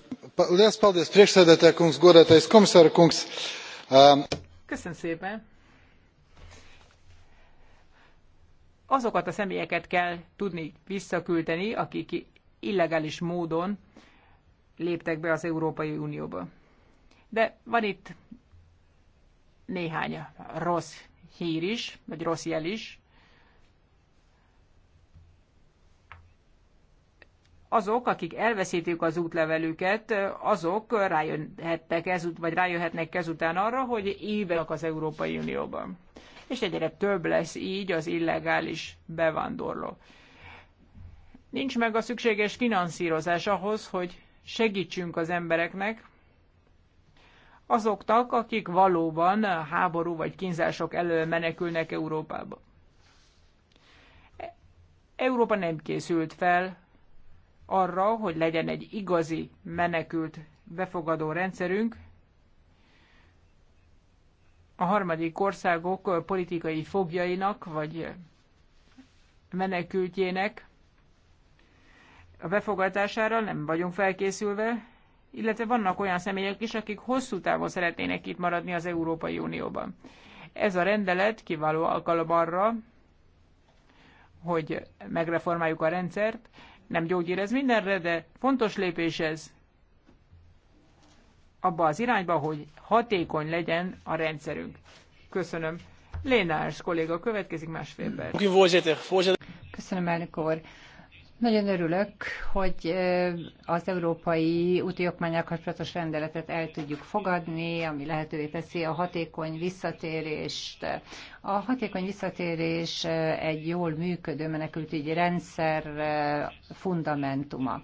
Köszönöm szépen. Azokat a személyeket kell tudni visszaküldeni, akik illegális módon léptek be az Európai Unióba. De van itt néhány rossz hír is, vagy rossz jel is. Azok, akik elveszítik az útlevelüket, azok rájöhettek ezut, vagy rájöhetnek ezután arra, hogy évek az Európai Unióban. És egyre több lesz így az illegális bevándorló. Nincs meg a szükséges finanszírozás ahhoz, hogy segítsünk az embereknek, azoknak, akik valóban háború vagy kínzások elől menekülnek Európába. Európa nem készült fel arra, hogy legyen egy igazi menekült befogadó rendszerünk. A harmadik országok politikai fogjainak vagy menekültjének a befogadására nem vagyunk felkészülve, illetve vannak olyan személyek is, akik hosszú távon szeretnének itt maradni az Európai Unióban. Ez a rendelet kiváló alkalom arra, hogy megreformáljuk a rendszert. Nem gyógyír ez mindenre, de fontos lépés ez abba az irányba, hogy hatékony legyen a rendszerünk. Köszönöm. Lénárs kolléga következik másfél perc. Köszönöm, elnök úr. Nagyon örülök, hogy az európai úti okmányal kapcsolatos rendeletet el tudjuk fogadni, ami lehetővé teszi a hatékony visszatérést. A hatékony visszatérés egy jól működő menekültügyi rendszer fundamentuma.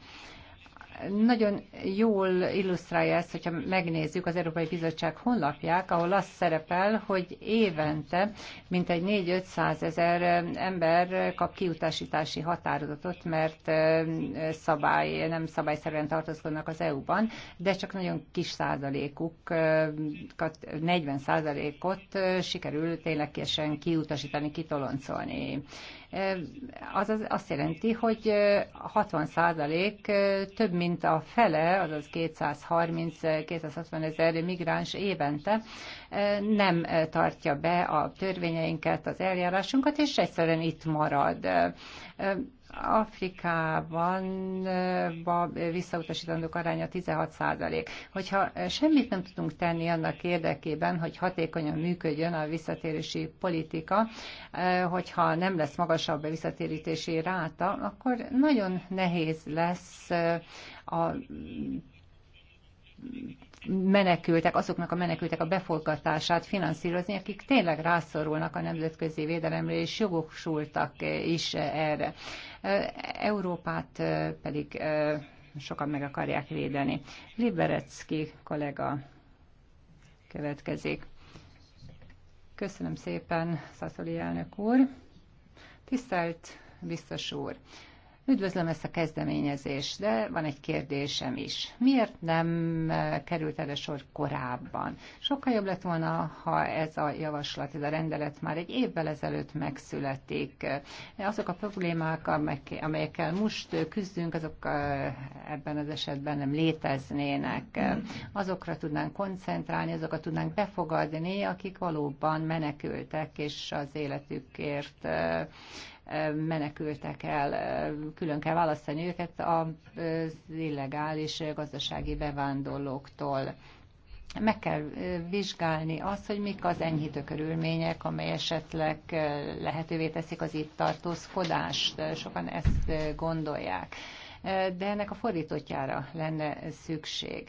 Nagyon jól illusztrálja ezt, hogyha megnézzük az Európai Bizottság honlapját, ahol azt szerepel, hogy évente mintegy 4-500 ezer ember kap kiutasítási határozatot, mert szabály, nem szabályszerűen tartozkodnak az EU-ban, de csak nagyon kis százalékuk, 40 százalékot sikerül ténylegesen kiutasítani, kitoloncolni az azt jelenti, hogy 60 százalék több, mint a fele, azaz 230-260 ezer migráns évente nem tartja be a törvényeinket, az eljárásunkat, és egyszerűen itt marad Afrikában eh, visszautasítandók aránya 16 százalék. Hogyha semmit nem tudunk tenni annak érdekében, hogy hatékonyan működjön a visszatérési politika, eh, hogyha nem lesz magasabb a visszatérítési ráta, akkor nagyon nehéz lesz eh, a menekültek, azoknak a menekültek a befogatását finanszírozni, akik tényleg rászorulnak a nemzetközi védelemre, és jogosultak eh, is eh, erre. Eh, Európát pedig sokan meg akarják védeni. Liberecki kollega következik. Köszönöm szépen, Szaszoli elnök úr. Tisztelt biztos úr! Üdvözlöm ezt a kezdeményezést, de van egy kérdésem is. Miért nem eh, került erre sor korábban? Sokkal jobb lett volna, ha ez a javaslat, ez a rendelet már egy évvel ezelőtt megszületik. Eh, azok a problémák, amelyekkel most küzdünk, azok eh, ebben az esetben nem léteznének. Azokra tudnánk koncentrálni, azokat tudnánk befogadni, akik valóban menekültek, és az életükért menekültek el, külön kell választani őket az illegális gazdasági bevándorlóktól meg kell vizsgálni azt, hogy mik az enyhítő körülmények, amely esetleg lehetővé teszik az itt tartózkodást. Sokan ezt gondolják. De ennek a fordítottjára lenne szükség.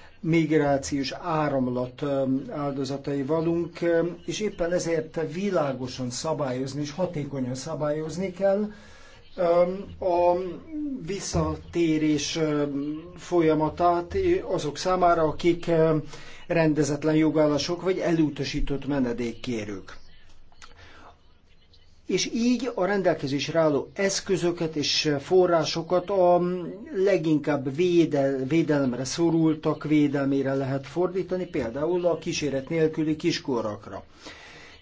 migrációs áramlat áldozatai valunk, és éppen ezért világosan szabályozni és hatékonyan szabályozni kell a visszatérés folyamatát azok számára, akik rendezetlen jogállások vagy elutasított menedékkérők és így a rendelkezésre álló eszközöket és forrásokat a leginkább védel, védelemre szorultak védelmére lehet fordítani, például a kíséret nélküli kiskorakra.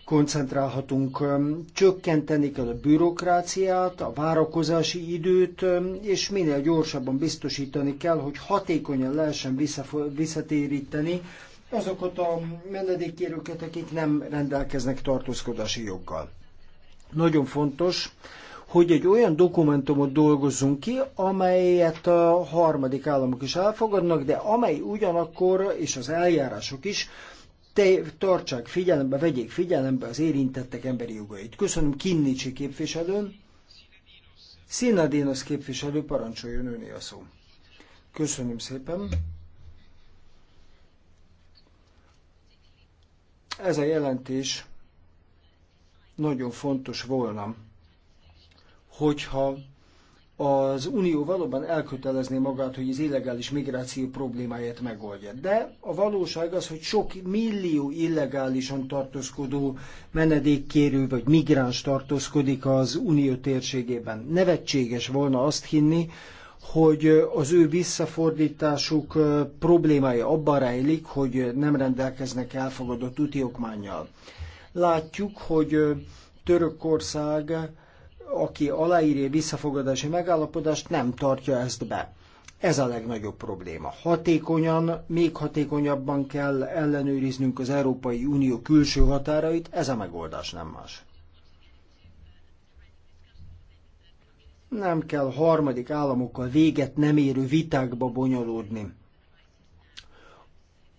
Koncentrálhatunk, csökkenteni kell a bürokráciát, a várakozási időt, és minél gyorsabban biztosítani kell, hogy hatékonyan lehessen visszatéríteni azokat a menedékkérőket, akik nem rendelkeznek tartózkodási joggal. Nagyon fontos, hogy egy olyan dokumentumot dolgozzunk ki, amelyet a harmadik államok is elfogadnak, de amely ugyanakkor, és az eljárások is, te, tartsák figyelembe, vegyék figyelembe az érintettek emberi jogait. Köszönöm Kinnicsi képviselőn. Színadénosz képviselő parancsoljon öné a szó. Köszönöm szépen. Ez a jelentés nagyon fontos volna, hogyha az Unió valóban elkötelezné magát, hogy az illegális migráció problémáját megoldja. De a valóság az, hogy sok millió illegálisan tartózkodó menedékkérő vagy migráns tartózkodik az Unió térségében. Nevetséges volna azt hinni, hogy az ő visszafordításuk problémája abban rejlik, hogy nem rendelkeznek elfogadott úti okmányjal. Látjuk, hogy Törökország, aki aláírja visszafogadási megállapodást, nem tartja ezt be. Ez a legnagyobb probléma. Hatékonyan, még hatékonyabban kell ellenőriznünk az Európai Unió külső határait, ez a megoldás nem más. Nem kell harmadik államokkal véget nem érő vitákba bonyolódni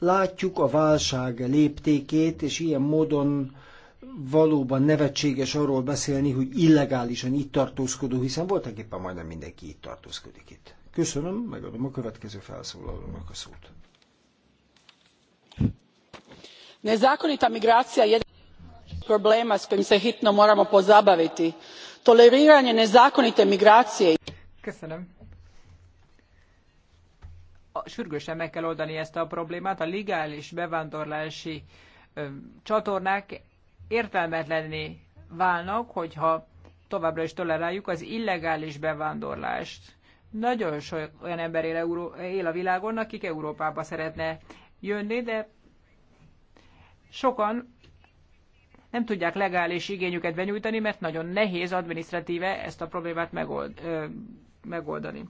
látjuk a válság léptékét, és ilyen módon valóban nevetséges arról beszélni, hogy illegálisan itt tartózkodó, hiszen voltak éppen majdnem mindenki itt tartózkodik itt. Köszönöm, megadom a következő felszólalónak a szót. Nezákonita migrácia je probléma, s kojim se hitno moramo pozabaviti. Toleriranje nezákonite migrácie... Köszönöm sürgősen meg kell oldani ezt a problémát. A legális bevándorlási csatornák értelmetlenné válnak, hogyha továbbra is toleráljuk az illegális bevándorlást. Nagyon sok olyan ember él, Euró- él a világon, akik Európába szeretne jönni, de sokan nem tudják legális igényüket benyújtani, mert nagyon nehéz administratíve ezt a problémát megold, ö, megoldani.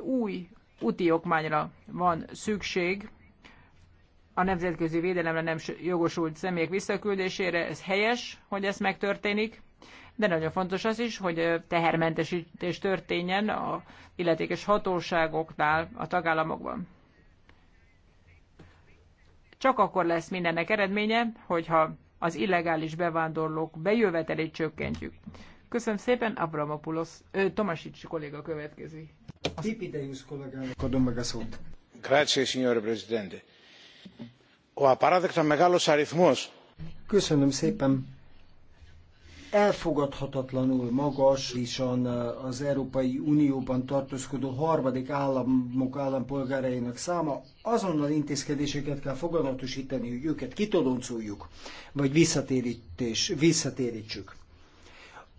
Új úti okmányra van szükség a nemzetközi védelemre nem jogosult személyek visszaküldésére. Ez helyes, hogy ez megtörténik, de nagyon fontos az is, hogy tehermentesítés történjen a illetékes hatóságoknál a tagállamokban. Csak akkor lesz mindennek eredménye, hogyha az illegális bevándorlók bejövetelét csökkentjük. Köszönöm szépen, Avramopoulos, ö, Tomasics kolléga következik. A Pipideius kollégának adom meg a szót. Grazie, signor Presidente. O aparadekta megállós arithmos. Köszönöm szépen. Elfogadhatatlanul magas, és az Európai Unióban tartózkodó harmadik államok állampolgárainak száma azonnal intézkedéseket kell foganatosítani, hogy őket kitoloncoljuk, vagy visszatérítés, visszatérítsük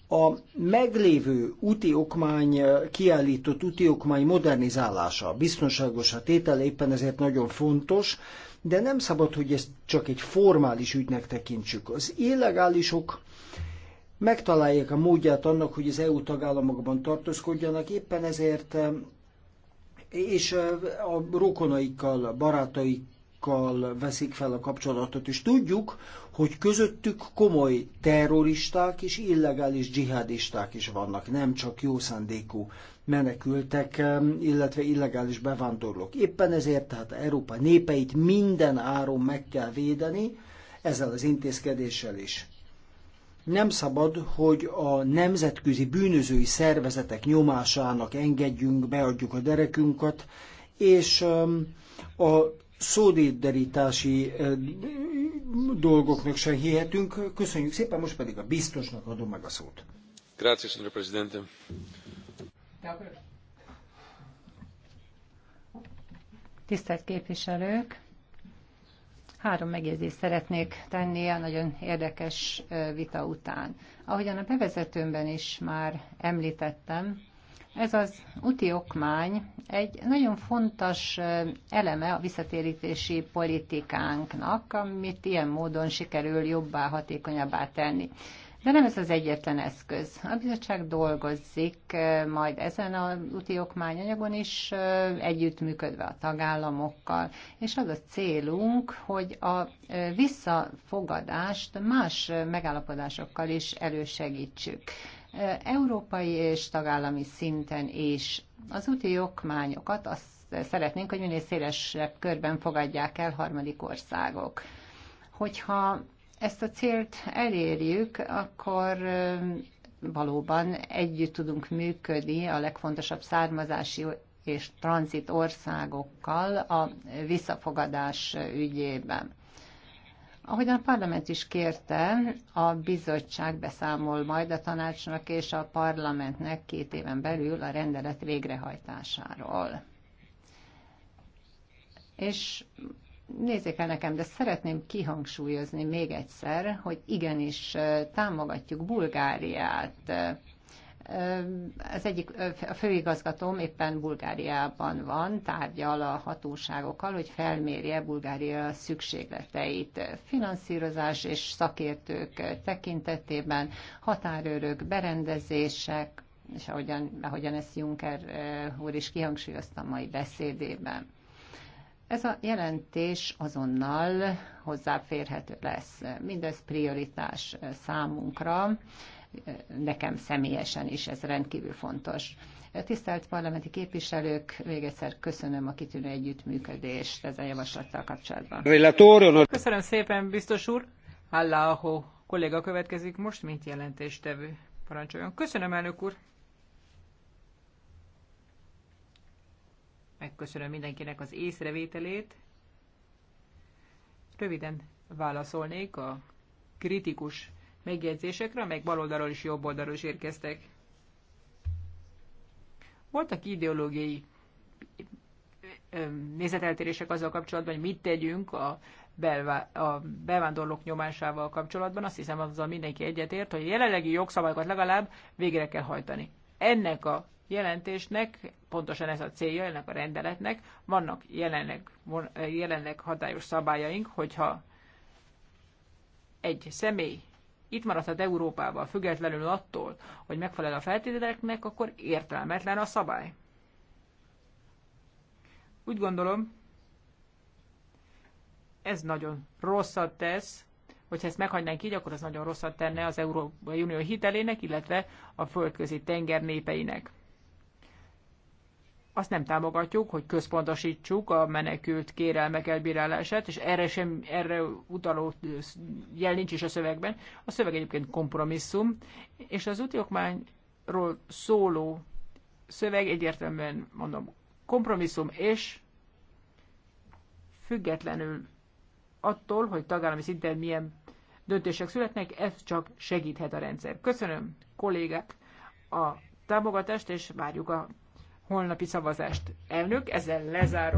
a meglévő úti okmány, eh, kiállított úti okmány modernizálása, biztonságos a tétel éppen ezért nagyon fontos, de nem szabad, hogy ezt csak egy formális ügynek tekintsük. Az illegálisok megtalálják a módját annak, hogy az EU tagállamokban tartózkodjanak, éppen ezért eh, és eh, a rokonaikkal, barátaik kal veszik fel a kapcsolatot, és tudjuk, hogy közöttük komoly terroristák és illegális dzsihadisták is vannak, nem csak jó szándékú menekültek, illetve illegális bevándorlók. Éppen ezért tehát Európa népeit minden áron meg kell védeni, ezzel az intézkedéssel is. Nem szabad, hogy a nemzetközi bűnözői szervezetek nyomásának engedjünk, beadjuk a derekünket, és a szódéderítási dolgoknak sem hihetünk. Köszönjük szépen, most pedig a biztosnak adom meg a szót. Grazie, signor Presidente. Tisztelt képviselők! Három megjegyzést szeretnék tenni a nagyon érdekes vita után. Ahogyan a bevezetőmben is már említettem, ez az úti okmány egy nagyon fontos eleme a visszatérítési politikánknak, amit ilyen módon sikerül jobbá, hatékonyabbá tenni. De nem ez az egyetlen eszköz. A bizottság dolgozik majd ezen a úti okmányanyagon is, együttműködve a tagállamokkal, és az a célunk, hogy a visszafogadást más megállapodásokkal is elősegítsük európai és tagállami szinten is. Az úti okmányokat azt szeretnénk, hogy minél szélesebb körben fogadják el harmadik országok. Hogyha ezt a célt elérjük, akkor valóban együtt tudunk működni a legfontosabb származási és tranzit országokkal a visszafogadás ügyében. Ahogyan a parlament is kérte, a bizottság beszámol majd a tanácsnak és a parlamentnek két éven belül a rendelet végrehajtásáról. És nézzék el nekem, de szeretném kihangsúlyozni még egyszer, hogy igenis eh, támogatjuk Bulgáriát az egyik, a főigazgatóm éppen Bulgáriában van, tárgyal a hatóságokkal, hogy felmérje Bulgária szükségleteit finanszírozás és szakértők tekintetében, határőrök, berendezések, és ahogyan, ahogyan ezt Juncker úr is kihangsúlyozta mai beszédében. Ez a jelentés azonnal hozzáférhető lesz. Mindez prioritás számunkra nekem személyesen is ez rendkívül fontos. Tisztelt parlamenti képviselők, még egyszer köszönöm a kitűnő együttműködést ezzel a javaslattal kapcsolatban. Köszönöm szépen, biztos úr. Halláho kolléga következik most, mint jelentéstevő. Parancsoljon. Köszönöm, elnök úr. Megköszönöm mindenkinek az észrevételét. Röviden válaszolnék a kritikus megjegyzésekre, amelyek baloldalról és jobb oldalról is érkeztek. Voltak ideológiai nézeteltérések azzal kapcsolatban, hogy mit tegyünk a, belvá- a bevándorlók nyomásával kapcsolatban. Azt hiszem, azzal mindenki egyetért, hogy a jelenlegi jogszabályokat legalább végre kell hajtani. Ennek a jelentésnek, pontosan ez a célja ennek a rendeletnek, vannak jelenleg, jelenleg hatályos szabályaink, hogyha egy személy itt maradhat Európában, függetlenül attól, hogy megfelel a feltételeknek, akkor értelmetlen a szabály. Úgy gondolom, ez nagyon rosszat tesz, hogyha ezt meghagynánk így, akkor ez nagyon rosszat tenne az Európai Unió hitelének, illetve a földközi tenger népeinek azt nem támogatjuk, hogy központosítsuk a menekült kérelmek elbírálását, és erre sem erre utaló jel nincs is a szövegben. A szöveg egyébként kompromisszum, és az útjogmányról szóló szöveg egyértelműen mondom kompromisszum, és függetlenül attól, hogy tagállami szinten milyen döntések születnek, ez csak segíthet a rendszer. Köszönöm kollégák a támogatást, és várjuk a holnapi szavazást. Elnök, ezzel lezáró.